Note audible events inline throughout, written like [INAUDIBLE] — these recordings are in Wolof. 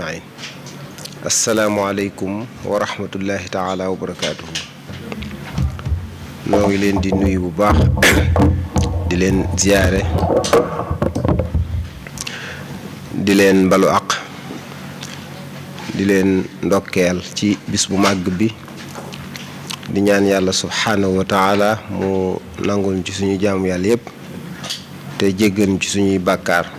ajmain asalaamualeykum wa rahmatullahi wa barakaatuhu noo ngi leen di nuyu bu baax di leen ziyaare di leen mbalu àq di leen ndokkeel ci bis bu màgg bi di ñaan yàlla subhaanahu wa taala mu nangul ci suñu jaamu yàlla yépp te jéggan ci suñuy bàkkaar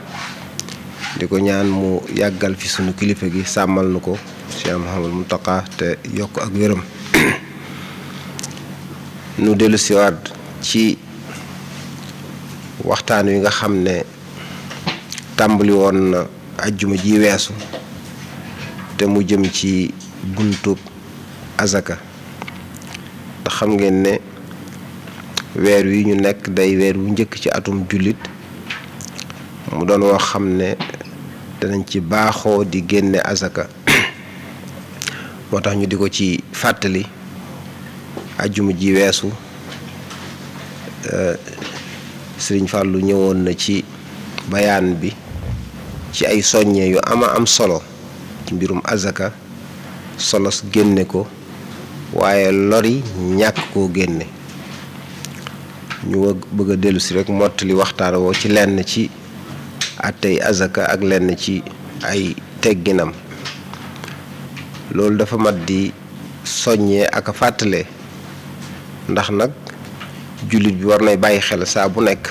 di ko ñaan mu yàggal fi sunu kilifa gi sàmmal nu ko Cheikh mu Mountakha te yokk ak wéram [CLEARS THROAT] nu dellu siwaat ci waxtaan wi nga xam ne tàmbali woon na ajjuma ji weesu te mu jëm ci buntub azaka ndax xam ngeen ne weer wi ñu nekk day weer wu njëkk ci atum jullit mu doon woo xam ne danañ ci baaxoo di génne asaka moo tax ñu di ko ci fàttali ajjuma ji weesu euh, sëriñ Fàllu ñëwoon na ci bayaan bi ci ay soññe yu ama am solo ci mbirum azaka solos génne ko waaye lori ñàkk koo génne ñu bëgg a dellu si rek mottali waxtaan woo ci lenn ci attey azaka ak lenn ci ay tegginam loolu dafa mat di soññee aka fàttale ndax nag jullit bi war nay bàyyi xel saa bu nekk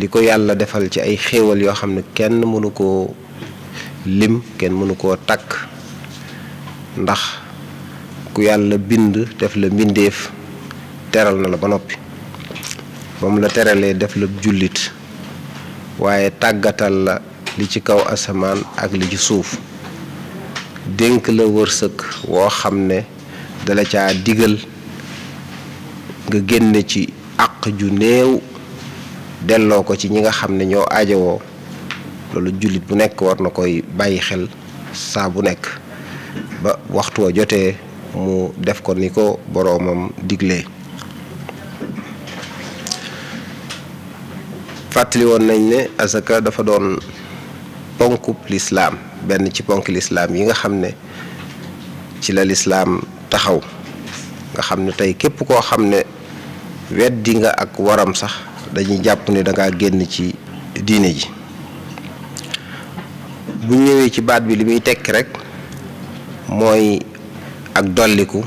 li ko yàlla defal ci ay xéewal yoo xam ne kenn mënu koo lim kenn mënu koo takk ndax ku yàlla bind def la mbindeef teral na la ba noppi ba mu la teralee def la jullit waaye tàggatal la li ci kaw asamaan ak li ci suuf dénk la wërsëg woo xam ne dala ca digal nga génne ci aq ju néew delloo ko ci ñi nga xam ne ñoo aajowoo loolu jullit bu nekk war na koy bàyyi xel saa bu nekk ba waxtu wa jotee mu def ko ni ko boroomam diglee fàttali woon nañ ne asaka dafa doon ponkub lislaam benn ci ponk lislaam yi nga xam ne ci la lislaam taxaw nga xam ne tey képp koo xam ne weddi nga ak waram sax dañuy jàpp ni danga génn ci diine ji bu ñëwee ci baat bi li muy tekki rek mooy ak dolliku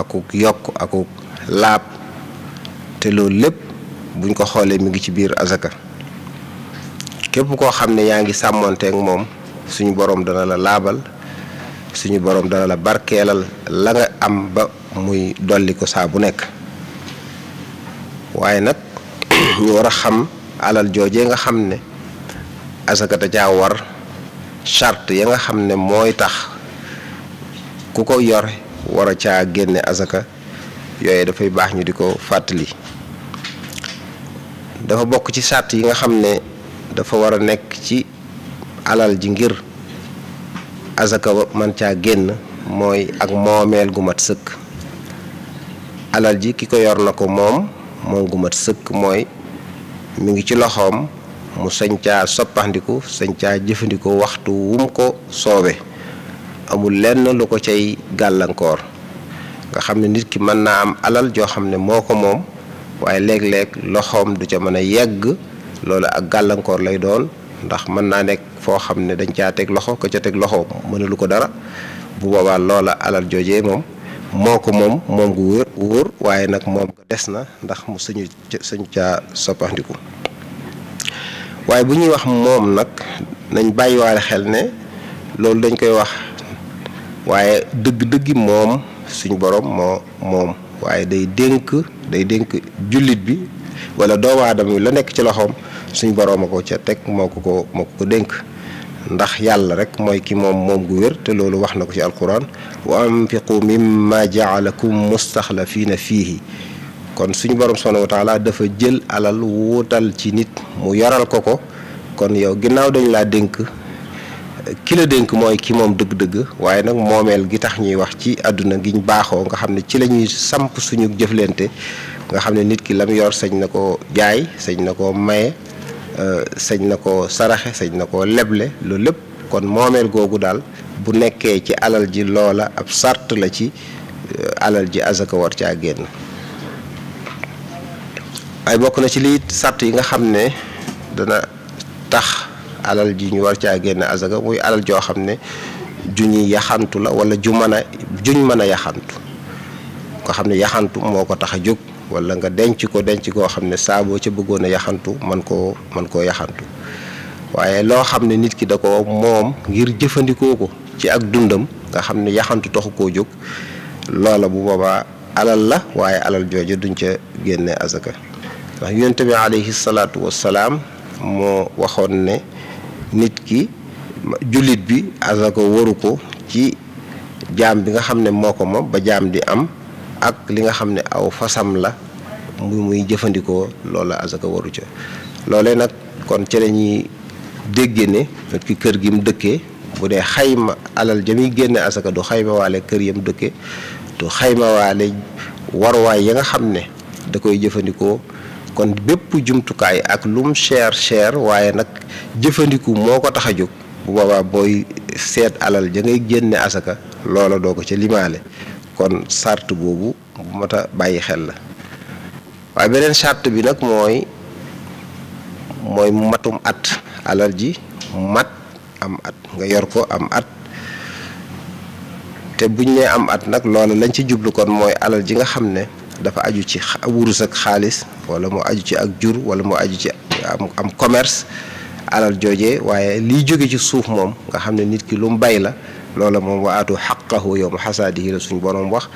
akuk yokk akuk laab te loolu lépp buñ ko xoolee mu ngi ci biir azaka képp koo xam ne yaa ngi sàmmonteeg moom suñu borom dana la laabal suñu borom dana la barkeelal la nga am ba muy dolli ko saa bu nekk waaye nag ñu war a xam alal joojee nga xam ne asaka da caa war charte ya nga xam ne mooy tax ku ko yore wara ca génne asaka yooyu dafay baax ñu di ko fàttali dafa bokk ci sàtt yi nga xam ne dafa war a nekk ci alal ji ngir azaka man caa génn mooy ak moomeel gu mat sëkk alal ji ki ko yor na ko moom moom gu mat sëkk mooy mu ngi ci loxoom mu sañ caa soppandiku sañ jëfandikoo waxtu wum ko soobe amul lenn lu ko cay gàllankoor nga xam ne nit ki mën naa am alal joo xam ne moo ko moom waaye léeg-léeg loxoom du ca mën a yegg loolu ak gàllankoor lay doon ndax mën naa nekk foo xam ne dañ caa teg loxo ko ca teg loxo mënalu ko dara bu boobaa loola alal joojee moom moo ko moom moom gu wóor waaye nag moom ko des na ndax mu suñu suñu caa soppandiku waaye bu ñuy wax moom nag nañ bàyyiwaale xel ne loolu dañ koy wax waaye dëgg-dëggi moom suñu boroom moo moom waaye day dénk day dénk jullit bi wala doomu aadama bi la nekk ci loxoom suñ boroom a ko ca teg moo ko ko moo ko dénk ndax yàlla rek mooy ki moom moom gu wér te loolu wax na ko ci alquran wa anfiqu mimma jaalakum mustaxlafiina fiihi kon suñu borom subhaanahu wa taala dafa jël alal wutal ci nit mu yoral ko ko kon yow ginnaaw dañ laa dénk kilo dénk mooy ki moom dëgg-dëgg waaye nag moomeel gi tax ñuy wax ci àdduna gi ñu baaxoo nga xam ne ci lañuy ñuy samp suñu jëflante nga xam ne nit ki lam yor sañ na ko jaay sañ na ko maye euh, sañ na ko saraxe sañ na ko leble loolu lépp kon moomeel googu daal bu nekkee ci alal ji loola ab sart la ci euh, alal ji azaka war caa génn ay bokk na ci liit sart yi nga xam ne dana tax alal ji ñu war caa génne asaka muy alal joo xam ne ju ñuy yaxantu la wala ju man a juñ mën a yaxantu nga xam ne yaxantu moo ko tax a jóg walla nga denc ko denc koo xam ne saaboo boo ca bëggoon a yaxantu man koo man koo yaxantu waaye loo xam ne nit ki da ko moom ngir jëfandikoo ko ci ak dundam nga xam ne yaxantu taxu koo jóg loola bu boobaa alal la waaye alal jooju duñ ca génne azaka ndax yonent bi alayhi salaatu wassalaam moo waxoon ne nit ki jullit bi asaka waru ko ci jaam bi nga xam ne moo ko moom ba jaam di am ak li nga xam ne aw fasam la muy muy jëfandikoo loola asaka waru ca loole nag kon ci la ñuy dégge ne nit ki kër gi mu dëkkee bu dee xayma alal ja génne asaka du xayma waale kër yam dëkke du xaymawaale waale waruwaay ya nga xam ne da koy jëfandikoo kon bépp jumtukaay ak lum cher cher waaye nag jëfandiku moo ko tax a jóg bu boobaa booy seet alal ja ngay génne asaka loola doo ko ca limaale kon sart boobu bu mat a bàyyi xel la waaye beneen sart bi nag mooy mooy matum at alal ji mat am at nga yor ko am at te buñ nee am at nag loola lañ ci jublu kon mooy alal ji nga xam ne dafa aju ci wurus ak xaalis wala mu aju ci ak jur wala mu aju ci am am commerce alal joojee waaye liy jóge ci suuf moom nga xam ne nit ki lu mu bay la loola moom wa aatu xaqahu yow ma xasaadihi la borom wax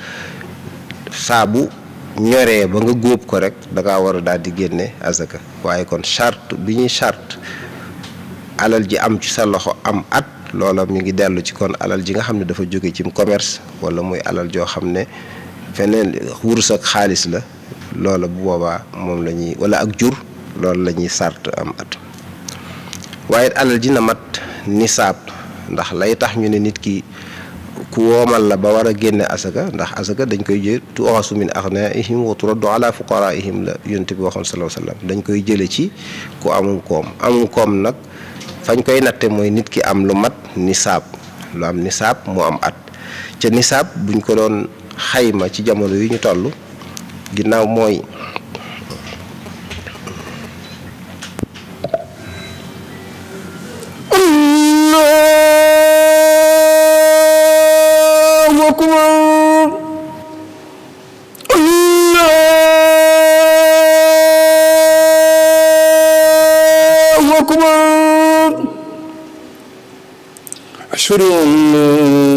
saabu ñoree ba nga góob ko rek da ngaa war a daal di génne azaka waaye kon charte bi ñuy chart alal ji am ci sa loxo am at loola mu ngi dellu ci kon alal ji nga xam ne dafa jóge cim commerce wala muy alal joo xam ne feneen wurus ak xaalis la loola bu boobaa moom lañuy ñuy wala ak jur loolu la ñuy sart am at waaye alal ji na mat nisaab ndax lay tax ñu ne nit ki ku woomal la ba war a génne asaka ndax asaka dañ koy jël tu'xasu min agnaihim wa turaddu ala fuqaraihim la yonent bi waxoon sallallahu alayhi wasallam dañ koy jële ci ku amum koom amum koom nag fañ koy natte mooy nit ki am lu mat nisaab lu am nisaab mu am at ca nisaab buñ ko doon xayma ci jamono yi ñu toll ginnaaw mooy أشهد أن لا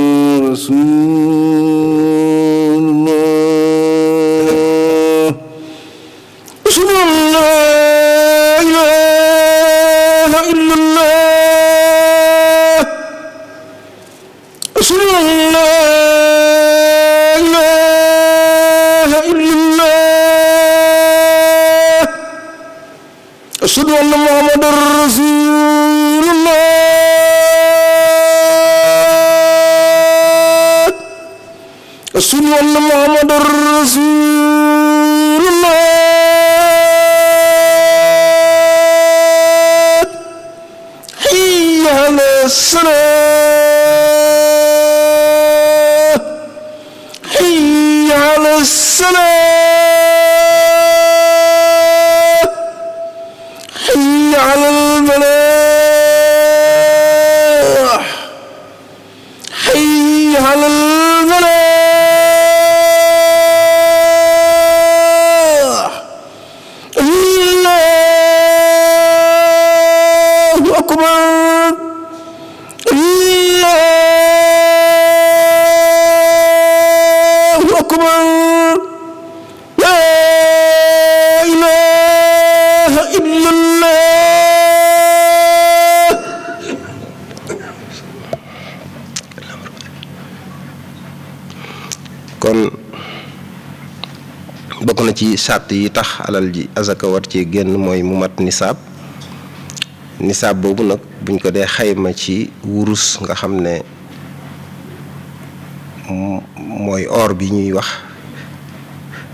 sàtt yi tax alal ji azaka war ci génn mooy mu mat nisaab nisaab boobu nag buñ ko dee xayma ci wurus nga xam ne mooy or bi ñuy wax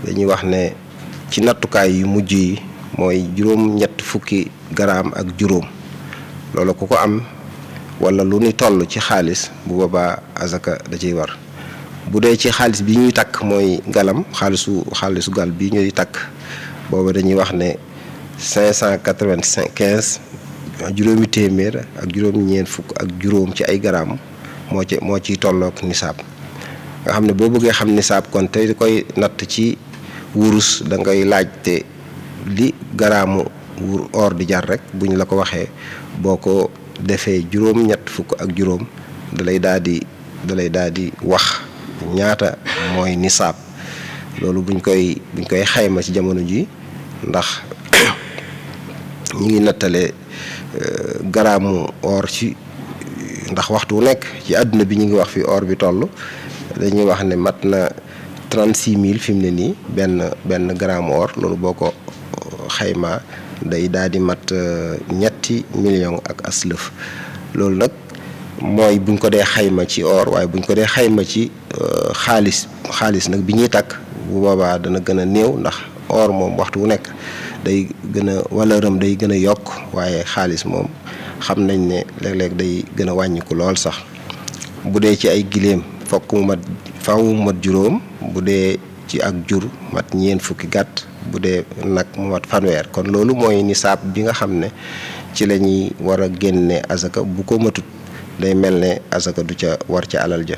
dañuy wax ne ci nattukaay yu mujj yi mooy juróom ñett fukki garaam ak juróom loolu ku ko am wala lu ni toll ci xaalis bu boobaa azaka da ciy war bu dee ci xaalis bi ñuy takk mooy galam xaalisu xaalisu gal bi ñuy takk booba dañuy wax ne cinq cent quatre-vingt-cinq quinze juróomi téeméer ak juróom ñeent fukk ak juróom ci ay garaam moo ci moo ciy tollook nisaab nga xam ne boo bëggee xam nisaab kon te koy natt ci wurus da ngay laajte li garaamu wur or di jar rek bu ñu la ko waxee boo ko defee juróom ñett fukk ak juróom da lay daal di da lay daal di wax ñaata mooy nisaab loolu buñ koy buñ koy xayma ci jamono ji ndax ñu ngi nattale euh, garaamu or ci ndax waxtu wu nekk ci àdduna bi ñu ngi wax fi or bi toll dañuy wax ne mat na trent six mille fi mu ne nii benn benn gramme or loolu boo ko euh, xaymaa day daal di mat euh, ñetti million ak aslëf loolu nag mooy buñ ko dee xayma ci or waaye buñ ko dee xayma ci euh, xaalis xaalis nag bi ñuy takk bu boobaa dana gën a néew ndax or moom waxtu wu nekk day gën a walëram day gën a yokk waaye xaalis moom xam nañ ne léeg-léeg day gën a wàññiku lool sax bu dee ci ay giléem fokk mu mat faw mat juróom bu dee ci ak jur mat ñeent fukki gàtt bu dee nag mu mat fanweer kon loolu mooy nisaab bi nga xam ne ci la ñuy war a génne asaka bu ko matut day mel ne asaka du ca war ca alal ja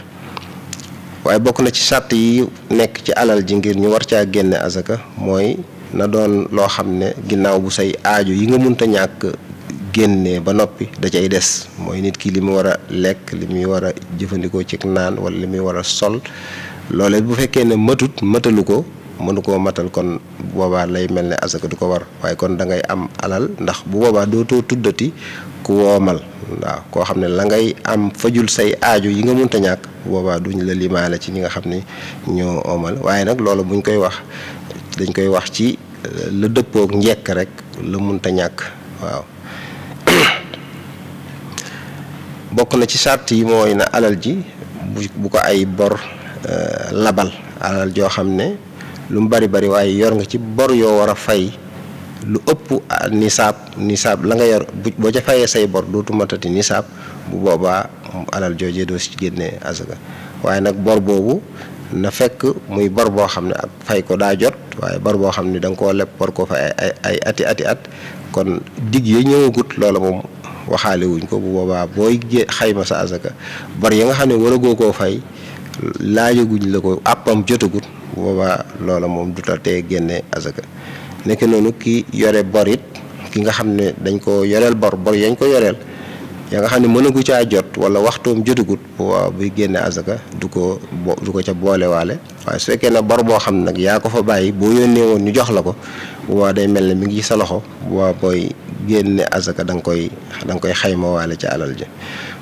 waaye bokk na ci sàtt yi nekk ci alal ji ngir ñu war caa génne asaka mooy na doon loo xam ne ginnaaw bu say aajo yi nga munta ñàkk génne ba noppi da cay des mooy nit ki li mu war a lekk li muy war a jëfandikoo ci naan wala li muy wara sol loole bu fekkee ne matut matalu ko mënu koo matal kon boobaa lay mel ni asaka du ko war waaye kon da ngay am alal ndax bu boobaa dootoo tuddati ku woomal waaw koo xam ne la ngay am fajul say aaju yi nga munta ñàkk boobaa duñ la limaale ci ñi nga xam ne ñoo waaye nag loolu buñ koy wax dañ koy wax ci euh, la dëppook njekk rek la munta ñàkk waaw [COUGHS] bokk na ci sart yi mooy na alal ji bu ko ay bor euh, labal alal joo xam ne lu mu bari bari waaye yor nga ci bor yoo war a fay lu ëpp ah, nisaab nisaab la nga yor bu boo ca fayee say bor dootu matati nisaab bu boobaa alal joojee doo ci génnee asaka waaye nag bor boobu na fekk muy bor boo xam ne ak fay ko daa jot waaye bor boo xam ne da nga koo leb war koo fay ay ay ati ati at kon digg ya ñëwagut loola moom waxaale wuñ ko bu boobaa booy xayma sa asaka bor ya nga xam ne waragoo koo fay laajaguñ la ko àppam jotagut boobaa loola moom du te génne asaka nekk noonu ki yore borit ki nga xam ne dañ ko yoreel bor bor yañ ko yoreel yaa nga xam ne mënagu caa jot wala waxtoom jotagut buy génne asaka du ko du ko ca boolewaale waaye su fekkee ne bor boo xam nag yaa ko fa bàyyi boo yónnee woon ñu jox la ko boobaa day mel ne mi ngi sa loxo boobaa booy génne asaka da nga koy da nga koy xaymawaale ci alal ji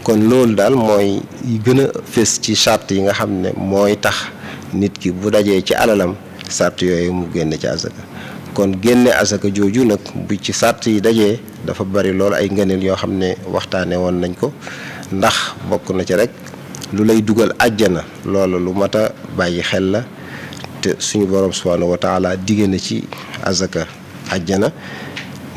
kon loolu daal mooy gën a fës ci charte yi nga xam ne mooy tax nit ki bu dajee ci alalam sart yooyu mu génne ci asaka kon génne asaka jooju nag bu ci sart yi dajee dafa bari lool ay ngëneel yoo xam ne waxtaane woon nañ ko ndax bokk na ci rek lu lay dugal àjjana loola lu mat a bàyyi xel la te suñu borom subhanahu wa taala digé na ci azaka àjjana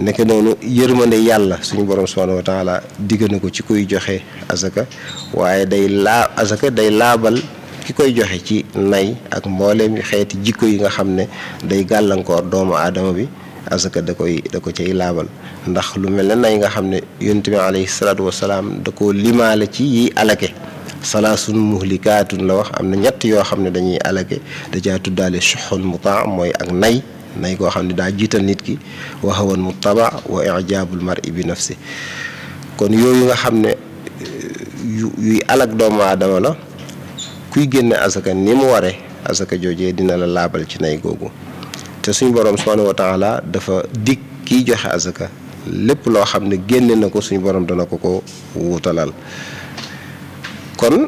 nekk noonu yërmande yàlla suñu borom subhanahu wa taala digg ko ci koy joxe asaka waaye day laa asaka day laabal ki koy joxe ci nay ak mbooleem xeeti jikko yi nga xam ne day gàllankoor doomu aadama bi asaka da koy da ko cay laabal ndax lu mel na nay nga xam ne yonent bi alayhi salaatu wasalaam da koo limaale ci yiy alake salaasun muhlikaatun la wax am na ñett yoo xam ne dañuy alake da caa tuddaale suxun mutaa mooy ak nay nañ koo xam ne daa jiital nit ki wa hawan mu taba wa ijaabul mar'i bi nafsi kon yooyu nga xam ne yu yuy alak doomu aadama la kuy génne asaka ni mu waree asaka joojee dina la laabal ci nay googu te suñ borom subhanahu wa taala dafa dig kiy joxe asaka lépp loo xam ne génne na ko suñu borom dana ko ko wutalal kon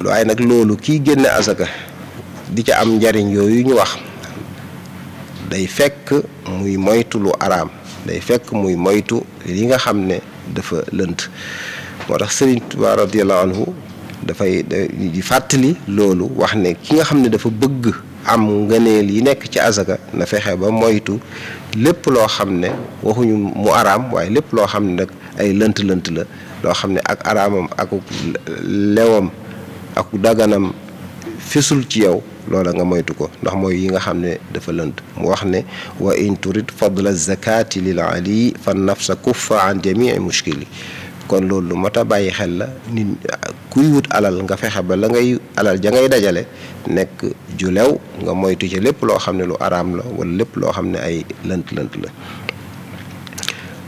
waaye nag loolu kiy génne asaka di ca am njariñ yooyu ñu wax day fekk muy moytu lu araam day fekk muy moytu li nga xam ne dafa lënt moo tax Sëriñ Tuubaa radiyallaahu anhu dafay di fàttali loolu wax ne ki nga xam ne dafa bëgg am ngëneel li nekk ci azaka na fexe ba moytu lépp loo xam ne waxuñu mu araam waaye lépp loo xam ne nag ay lënt-lënt la loo xam ne ak araamam ak lewam ak daganam fesul ci yow loola nga moytu ko ndax mooy yi nga xam ne dafa lënt mu wax ne wa in turid fadla zakati lil ali fa nafsa kuffa an jamii mushkili kon loolu lu mat a bàyyi xel la nit kuy wut alal nga fexe ba la ngay alal ja ngay dajale nekk ju lew nga moytu ci lépp loo xam ne lu araam la wala lépp loo xam ne ay lënt lënt la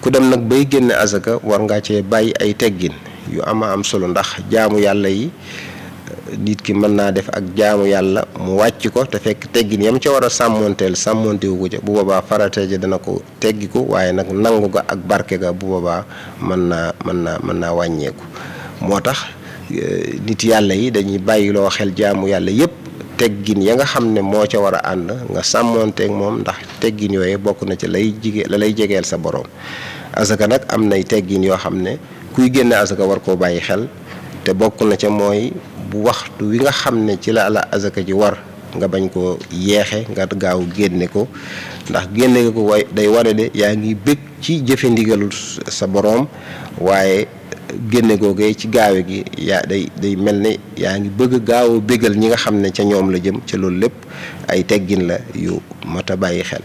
ku dem nag bay génne azaka war nga cee bàyyi ay teggin yu ama am solo ndax jaamu yàlla yi nit ki mën naa def ak jaamu yàlla mu wàcc ko te fekk teggin yam ca war a sàmmoonteel sàmmoontewu ko ca bu boobaa farata ja dana ko ko waaye nag nangu ga ak barke bu boobaa mën naa mën naa mën naa wàññeeku moo tax e, nit yàlla yi dañuy bàyyiloo xel jaamu yàlla yépp teggin ya nga xam ne moo ca war a ànd nga sàmmoonteeg moom ndax teggin yooye bokk na ci lay jige la lay jegeel sa boroom asaka nag am nay teggiin yoo xam ne kuy génne asaka war koo bàyyi xel te bokk na ca mooy bu waxtu wi nga xam ne ci la la azaka ji war nga bañ koo yeexe nga gaaw génne ko ndax génne ko way day ware de yaa ngi bëgg ci jëfe ndigalul sa boroom waaye génne ko googee ci gaawe gi yaa day mel ne yaa ngi bëgg gaaw bëggal ñi nga xam ne ca ñoom la jëm ca loolu lépp ay teggin la yu mat a bàyyi xel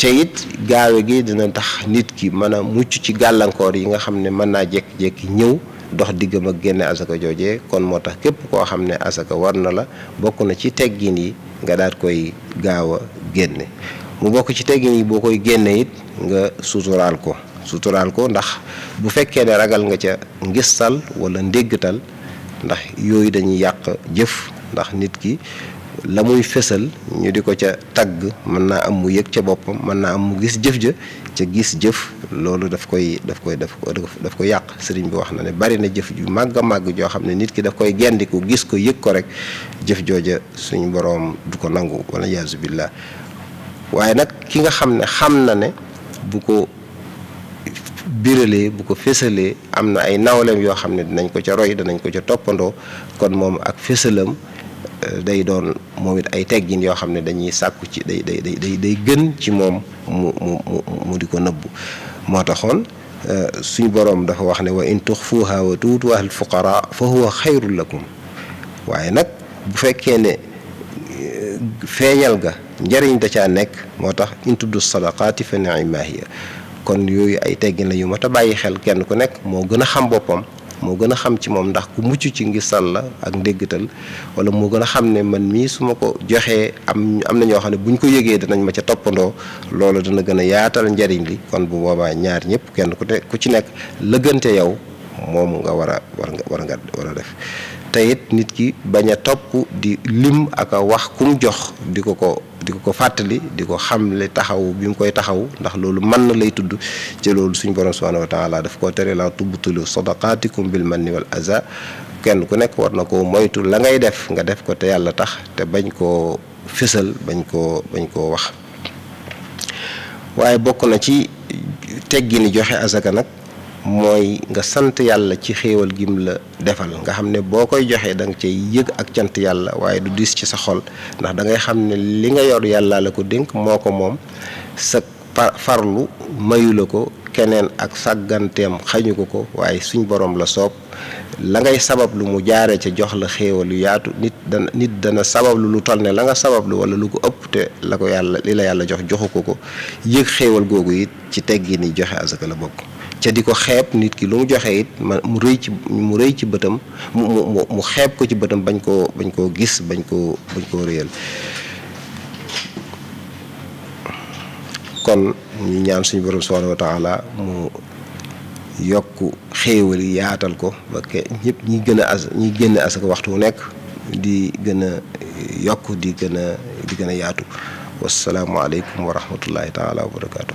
ca it gaawe gi dina tax nit ki mën mucc ci gàllankoor yi nga xam ne mën naa jékki-jékki ñëw dox diggam ak génne asaka jooje kon moo tax képp koo xam ne asaka war na la bokk na ci teggin yi nga daal koy gaaw a génne mu bokk ci teggin yi boo koy génne it nga suturaal ko suturaal ko ndax bu fekkee ne ragal nga ca ngistal wala ndéggatal ndax yooyu dañuy yàq jëf ndax nit ki la muy fësal ñu di ko ca tagg mën naa am mu yëg ca boppam mën naa am mu gis jëf ja ca gis jëf loolu daf koy daf koy daf daf ko yàq sëriñ bi wax na ne bari na jëf ju màgg a màgg joo xam ne nit ki daf koy gendiku gis ko yëg ko rek jëf jooja suñu boroom du ko nangu wala yaasu billah waaye nag ki nga xam ne xam na ne bu ko biralee bu ko fésalee am na ay nawleem yoo xam ne dinañ ko ca danañ ko ca toppandoo kon moom ak fésalam eh, day doon moom ay teggin yoo xam ne dañuy sàkku ci day day day day gën ci moom mu mu mu di ko nëbbu moo taxoon euh, suñu boroom dafa wax ne wa in tuxfuha wa tuutuha al fuqara fa huwa xayrun lakum waaye nag bu fekkee ne euh, feeñal ga njariñ da caa nekk moo tax in tubdu sadaqaati fa ni'ma hiya kon yooyu ay teggin la yu mat a bàyyi xel kenn ku nekk moo gën a xam boppam moo gën a xam ci moom ndax ku mucc ci ngir sàn la ak ndéggatal wala moo gën a xam ne man mii su ma ko joxee am am na ñoo xam ne bu ñu ko yëgee danañ ma ca toppandoo loolu dana gën a yaatal njariñ li kon bu boobaa ñaar ñëpp kenn ku te ku ci nekk lëggante yow moom nga war a war nga war nga war a def teyit nit ki bañ a topp di lim aka wax ku jox di ko ko di ko ko fàttali di ko xamle taxaw bi mu koy taxaw ndax loolu mën na lay tudd ci loolu suñu borom subhanahu wa taala daf koo tere la tubtulu sadaqaatikum bil manni wal aza kenn ku nekk war na koo moytu la ngay def nga def ko te yàlla tax te bañ koo fësal bañ koo bañ koo wax waaye bokk na ci teggini joxe asaka nag mooy nga sant yàlla ci xéewal gim la defal nga xam ne boo koy joxee da nga cay yëg ak cant yàlla waaye du diis ci sa xol ndax dangay xam ne li nga yor yàlla la ko dénk moo ko moom sa farlu mayu la ko keneen ak sàgganteem xañu ko ko waaye suñ borom la soob la ngay sabab lu mu jaare ca jox la xéewal yu yaatu nit dana nit dana sabablu lu toll ne la nga sabablu wala lu ko ëpp te la ko yàlla li la yàlla jox joxu ko ko yëg xéewal googu it ci teggi ni joxe asaka la bokk ca di ko xeep nit ki lu mu joxe it man mu rëy ci mu rëy ci bëtam mu mu mu xeeb ko ci bëtam bañ koo bañ koo gis bañ koo bañ koo réyal kon ñu ñaan suñu borom subhanahu wa mu yokk xéewal yi yaatal ko ba ñëpp ñi gën a as ñi génn asaka waxtu wu nekk di gën a yokk di gën a di gën a yaatu wasalaamualeykum wa rahmatullahi taala wa barakaatu.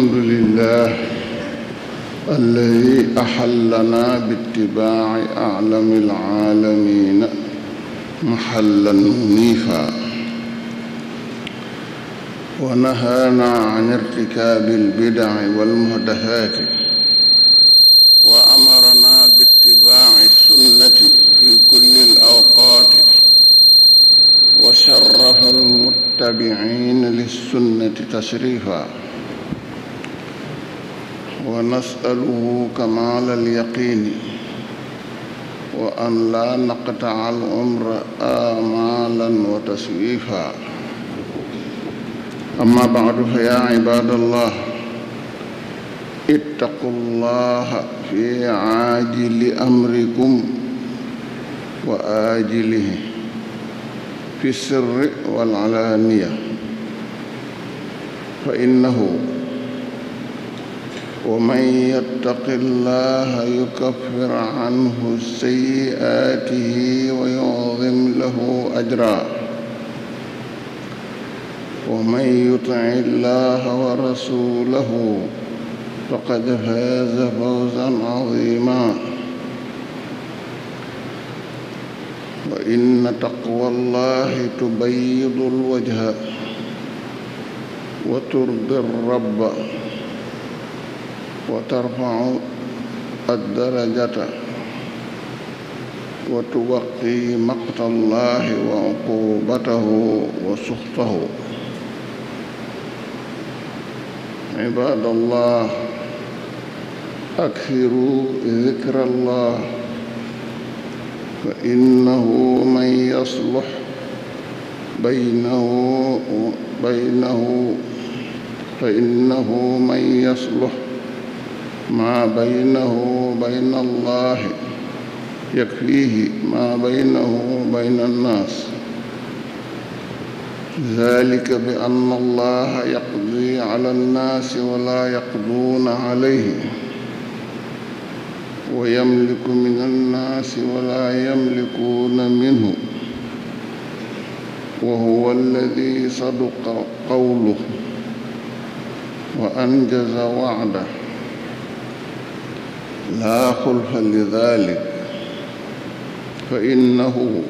الحمد لله الذي أحلنا باتباع أعلم العالمين محلا منيفا ونهانا عن ارتكاب البدع والمهدفات وأمرنا باتباع السنة في كل الأوقات وشرف المتبعين للسنة تشريفا ونسأله كمال اليقين وأن لا نقطع العمر آمالا وتسويفا أما بعد فيا عباد الله اتقوا الله في عاجل أمركم وآجله في السر والعلانية فإنه ومن يتق الله يكفر عنه سيئاته ويعظم له أجرا ومن يطع الله ورسوله فقد فاز فوزا عظيما وإن تقوى الله تبيض الوجه وترضي الرب wa tarfau addarajata wa tuwaqi maqtallahi wa uqubatahu wa suxtahu ibadallah aksiru zikrallah fa innahu man yaslux baynahu baynahu fa innahu man yaslux ما بينه وبين الله يكفيه ما بينه وبين الناس ذلك بأن الله يقضي على الناس ولا يقضون عليه ويملك من الناس ولا يملكون منه وهو الذي صدق قوله وأنجز وعده لا خلف لذلك فإنه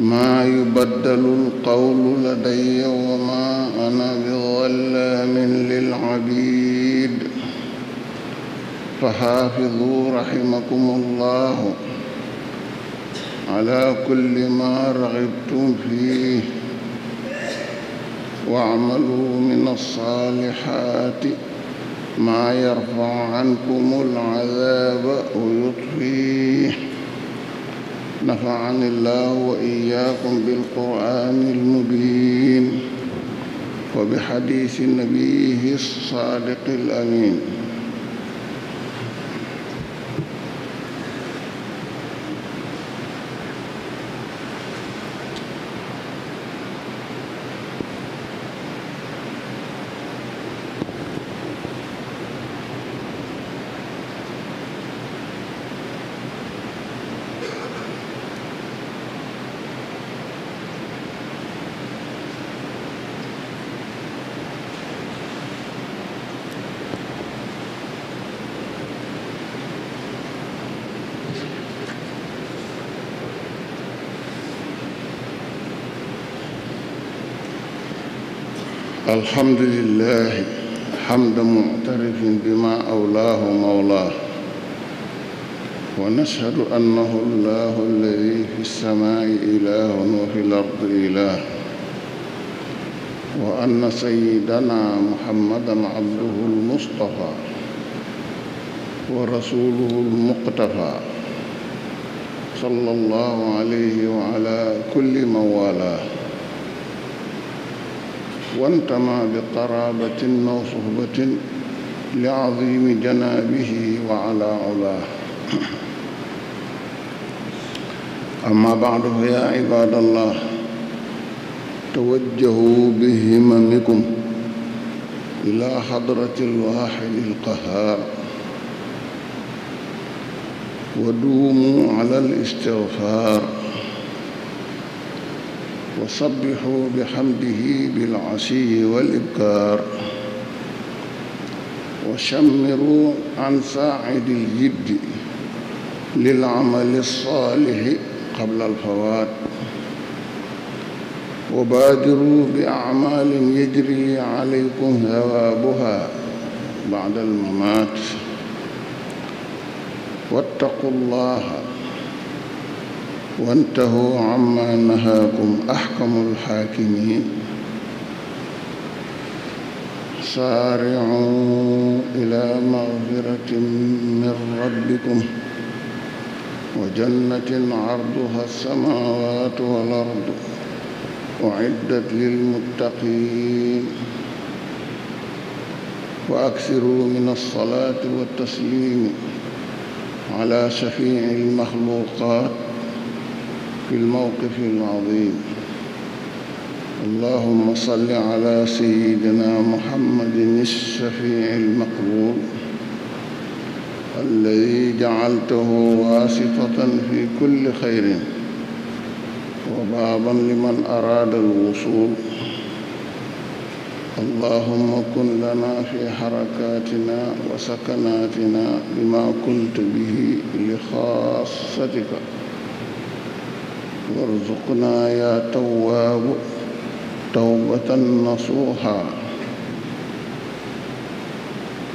ما يبدل القول لدي وما أنا بظلام للعبيد فحافظوا رحمكم الله على كل ما رغبتم فيه واعملوا من الصالحات ما يرفع عنكم العذاب ويطفيه نفعني الله وإياكم بالقرآن المبين وبحديث نبيه الصادق الأمين الحمد لله حمد معترف بما أولاه مولاه ونشهد أنه الله الذي في السماء إله وفي الأرض إله وأن سيدنا محمدا عبده المصطفى ورسوله المقتفى صلى الله عليه وعلى كل من والاه وانتمى بقرابة أو صحبة لعظيم جنابه وعلى علاه أما بعد فيا عباد الله توجهوا بهممكم إلى حضرة الواحد القهار ودوموا على الاستغفار وسبحوا بحمده بالعشي والإبكار وشمروا عن ساعد الجد للعمل الصالح قبل الفوات وبادروا بأعمال يجري عليكم ثوابها بعد الممات واتقوا الله وانتهوا عما نهاكم أحكم الحاكمين سارعوا إلى مغفرة من ربكم وجنة عرضها السماوات والأرض أعدت للمتقين وأكثروا من الصلاة والتسليم على شفيع المخلوقات في الموقف العظيم اللهم صل على سيدنا محمد الشفيع المقبول الذي جعلته واسطة في كل خير وبابا لمن أراد الوصول اللهم كن لنا في حركاتنا وسكناتنا بما كنت به لخاصتك وارزقنا يا تواب توبة نصوحا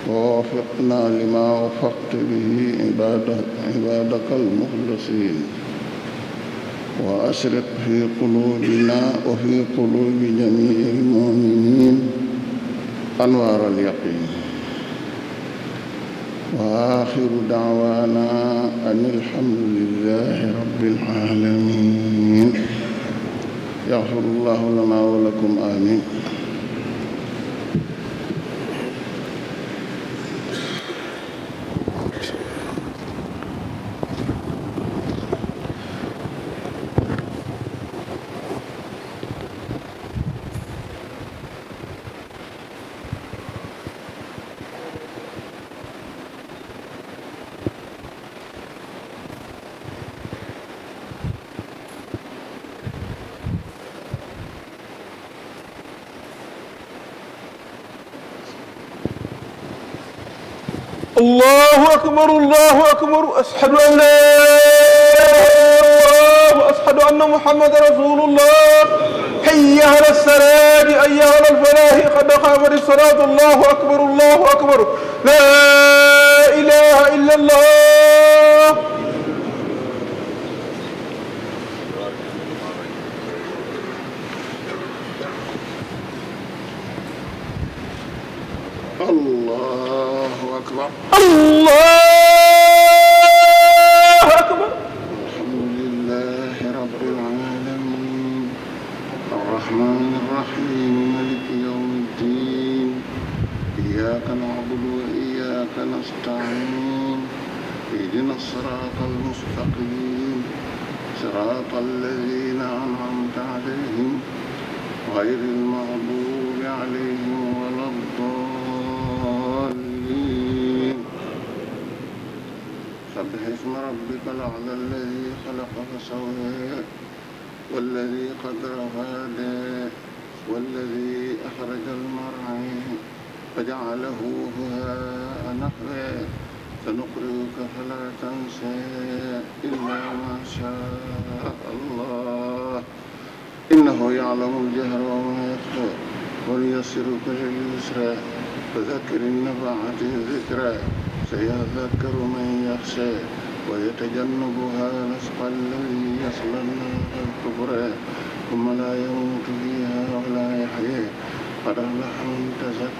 ووفقنا لما وفقت به عبادك, عبادك المخلصين وأشرق في قلوبنا وفي قلوب جميع المؤمنين أنوار اليقين وآخر دعوانا أن الحمد لله رب العالمين يغفر الله لنا ولكم آمين أكبر الله أكبر أشهد أن لا أشهد أن محمد رسول الله حي على السلام أي على الفلاح قد قامت الصلاة الله أكبر الله أكبر لا إله إلا الله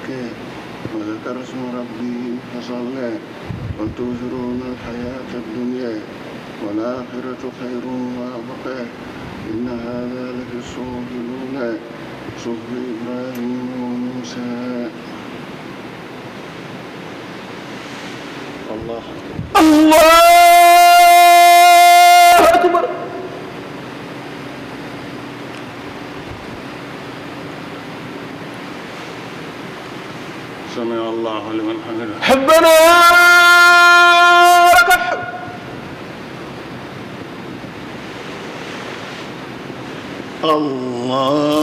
الحكيم وذكر اسم ربه فصلى وتؤثرون الحياة الدنيا والآخرة خير وأبقى إن هذا لفي الصحف الأولى صحف إبراهيم وموسى الله الله لمن حمده حبنا لك الحمد الله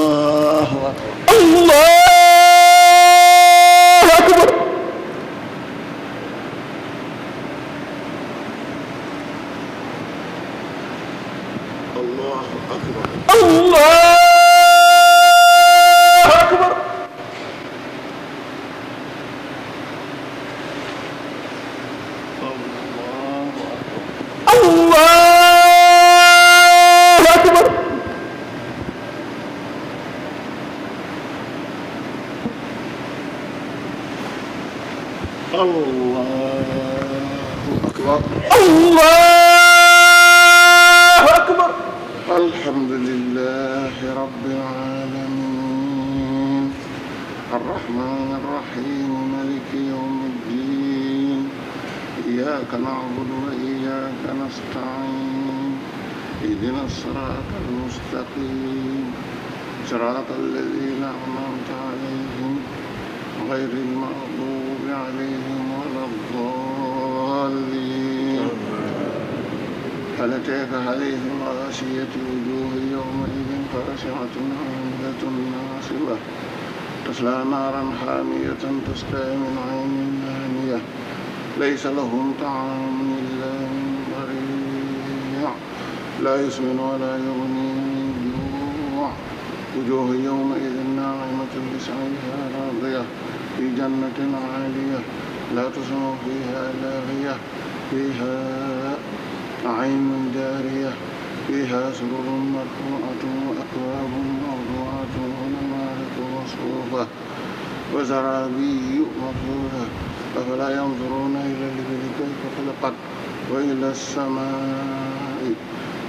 ونستعين اهدنا الصراط المستقيم صراط الذين أنعمت عليهم غير المغضوب عليهم ولا الضالين فلتيك عليهم غاشية وجوه يومئذ خاشعة عاملة ناصبة تصلى نارا حامية تسقى من عين آنية ليس لهم طعام إلا من لا يسمن ولا يغني من جوع وجوه يومئذ ناعمة لسعيها راضية في جنة عالية لا تسمع فيها لاغية فيها عين جارية فيها سرر مرفوعة وأكواب موضوعة ونمارق مصفوفة وزرابي مطلولة أفلا ينظرون إلى الإبل كيف خلقت وإلى السماء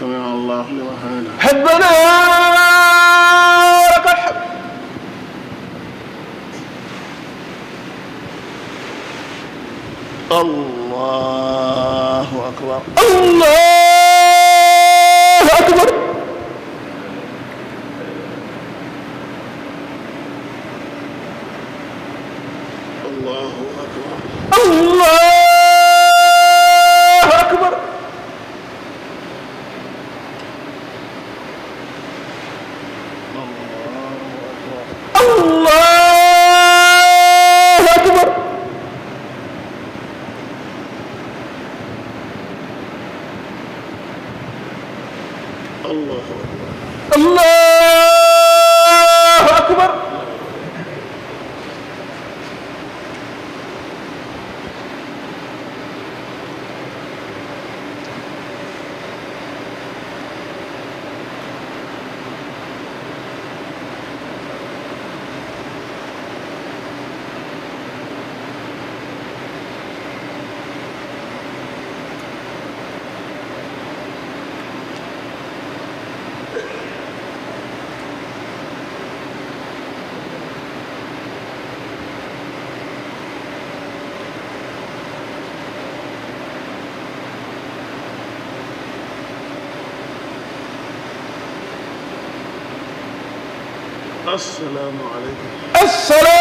سمع الله لمن حمده حبنا لك الحمد الله أكبر الله أكبر asalaamaaleykum.